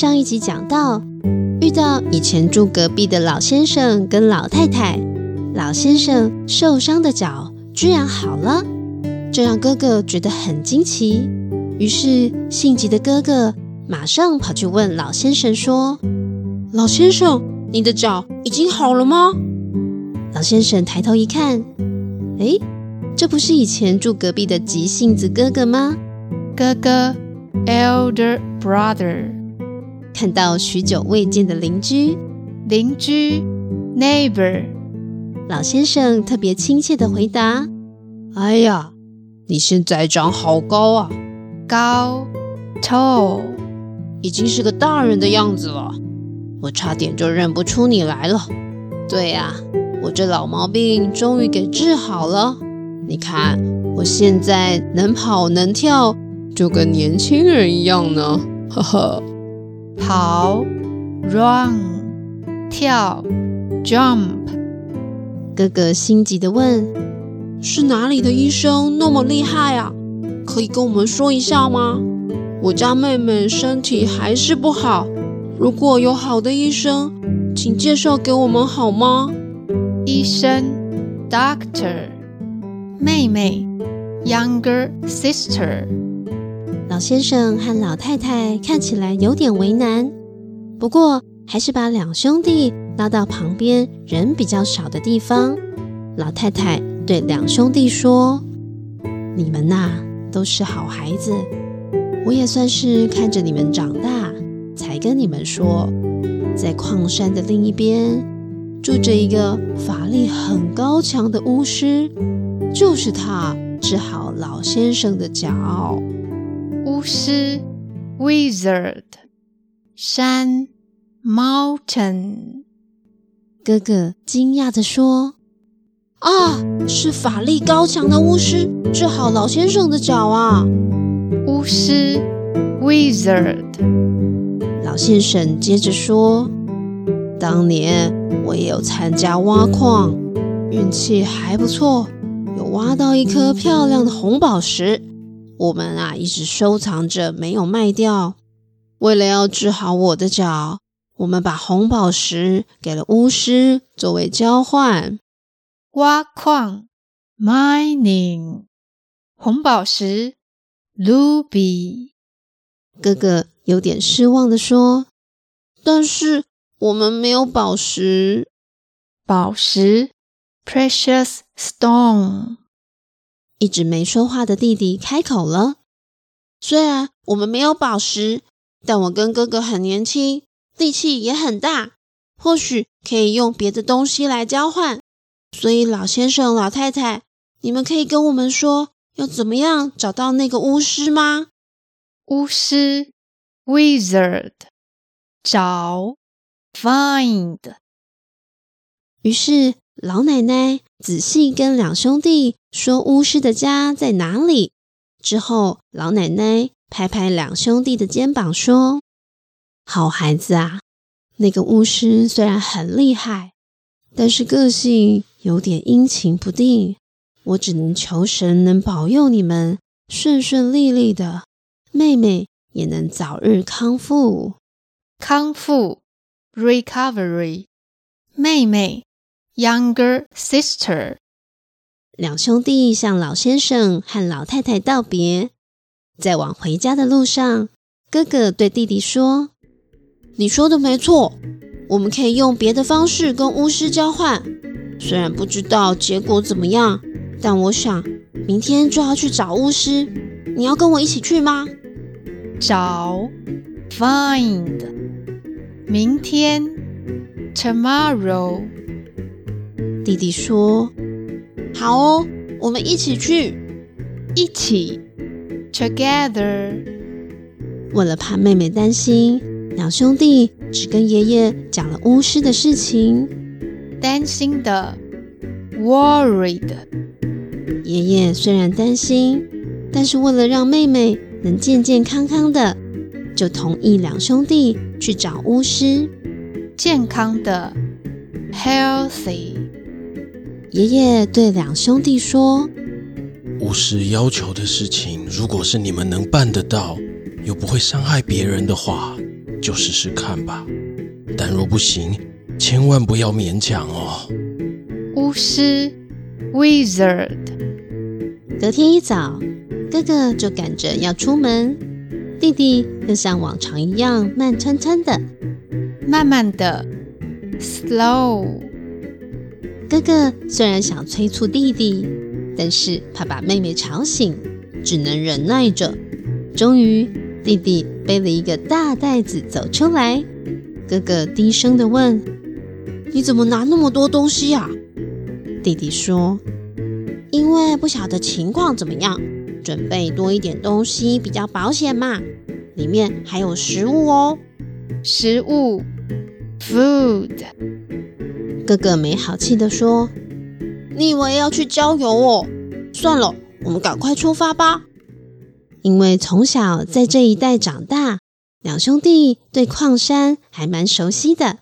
上一集講到，遇到以前住隔壁的老先生跟老太太，老先生受傷的腳居然好了，這讓哥哥覺得很驚奇。於是性急的哥哥馬上跑去問老先生說：“老先生，你的腳已經好了嗎？”老先生抬頭一看，哎，這不是以前住隔壁的急性子哥哥嗎？哥哥，elder brother。看到許久未見的鄰居，鄰居，neighbor，老先生特別親切地回答：“哎呀，你現在長好高啊，高，tall，已經是個大人的樣子了。我差點就認不出你來了。對呀，我這老毛病終於給治好了。你看我現在能跑能跳，就跟年輕人一樣呢。呵呵。”跑，run；跳，jump。哥哥心急地問：“是哪裡的醫生那麼厲害啊？可以跟我們說一下嗎？我家妹妹身體還是不好，如果有好的醫生，請介紹給我們好嗎？”醫生，doctor；妹妹，younger sister。老先生和老太太看起來有點為難，不過還是把兩兄弟拉到旁邊人比較少的地方。老太太對兩兄弟說：“你們吶、啊、都是好孩子，我也算是看着你們長大，才跟你們說，在礦山的另一邊住着一個法力很高強的巫師，就是他治好老先生的腳。”巫師 （Wizard），山 （Mountain）。哥哥驚訝地說：“啊，是法力高強的巫師治好老先生的腳啊！”巫師 （Wizard）。老先生接着說：“當年我也有參加挖礦，運氣還不錯，有挖到一顆漂亮的紅寶石。”我們啊一直收藏着，沒有賣掉。為了要治好我的腳，我們把紅寶石給了巫師作為交換。挖礦 （mining），紅寶石 （ruby）。哥哥有點失望的說：“但是我們沒有寶石。寶石 （precious stone）。”一直沒說話的弟弟開口了：“雖然我們沒有寶石，但我跟哥哥很年輕，力氣也很大，或許可以用別的東西來交換。所以，老先生、老太太，你們可以跟我們說，要怎麼樣找到那個巫師嗎？”巫師 （wizard） 找 （find）。於是。老奶奶仔細跟兩兄弟說巫師的家在哪裡。之後，老奶奶拍拍兩兄弟的肩膀，說：“好孩子啊，那個巫師雖然很厲害，但是個性有點陰晴不定。我只能求神能保佑你們順順利利的，妹妹也能早日康復。康復，recovery，妹妹。” Younger sister，兩兄弟向老先生和老太太道別，在往回家的路上，哥哥對弟弟說：“你說的沒錯，我們可以用別的方式跟巫師交換。雖然不知道結果怎麼樣，但我想明天就要去找巫師。你要跟我一起去嗎？”找，find，明天，tomorrow。弟弟說：“好哦，我們一起去，一起，together。”為了怕妹妹擔心，兩兄弟只跟爺爺講了巫師的事情。擔心的，worried。爺爺雖然擔心，但是為了讓妹妹能健健康康的，就同意兩兄弟去找巫師。健康的，healthy。爺爺對兩兄弟說：“巫師要求的事情，如果是你們能辦得到，又不會傷害別人的話，就試試看吧。但若不行，千萬不要勉強哦。”巫師 （Wizard）。隔天一早，哥哥就趕着要出門，弟弟又像往常一樣慢吞吞的、慢慢的 （slow）。哥哥雖然想催促弟弟，但是怕把妹妹吵醒，只能忍耐着。終於，弟弟背了一個大袋子走出來。哥哥低聲地問：“你怎麼拿那麼多東西呀？”弟弟說：“因為不曉得情況怎麼樣，準備多一點東西比較保險嘛。裡面還有食物哦，食物，food。”哥哥沒好氣地說：“你以為要去郊遊哦？算了，我們趕快出發吧。因為從小在這一帶長大，兩兄弟對礦山還蠻熟悉的。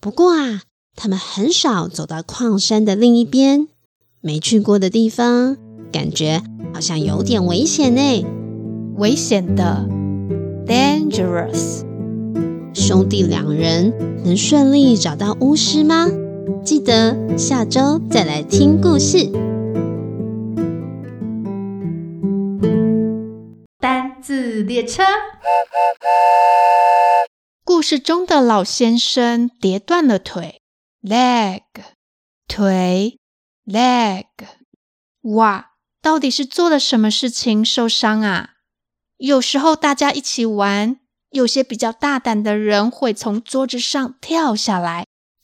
不過啊，他們很少走到礦山的另一邊，沒去過的地方，感覺好像有點危險欸。危險的，dangerous。兄弟兩人能順利找到巫師嗎？”記得下周再來聽故事。單字列車。故事中的老先生跌斷了腿，leg，腿，leg。哇，到底是做了什麼事情受傷啊？有時候大家一起玩，有些比較大膽的人會從桌子上跳下來。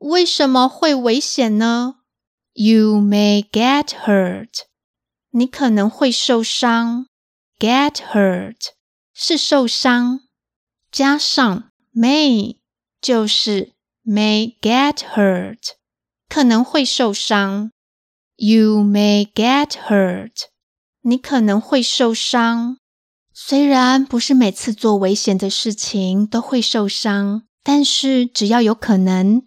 為什麼會危險呢？You may get hurt，你可能會受傷。Get hurt 是受傷，加上 may 就是 may get hurt，可能會受傷。You may get hurt，你可能會受傷。雖然不是每次做危險的事情都會受傷，但是只要有可能。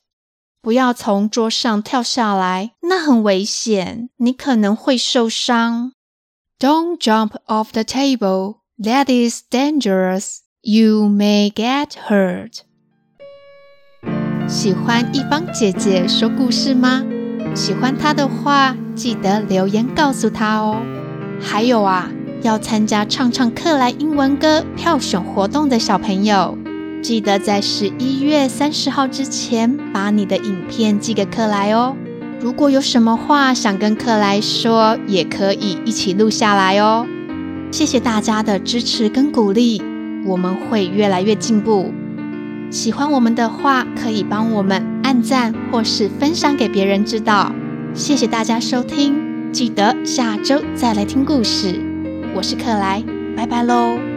不要從桌上跳下來，那很危險，你可能會受傷。Don't jump off the table. That is dangerous. You may get hurt. 喜歡逸芳姐姐說故事嗎？喜歡她的話，記得留言告訴她哦。還有啊，要參加唱唱克萊英文歌票選活動的小朋友，記得在十一月三十號之前把你的影片寄給克萊哦。如果有什麼話想跟克萊說，也可以一起錄下來哦。謝謝大家的支持跟鼓勵，我們會越來越進步。喜歡我們的話，可以幫我們按讚或是分享給別人知道。謝謝大家收聽，記得下周再來聽故事。我是克萊，拜拜嘍。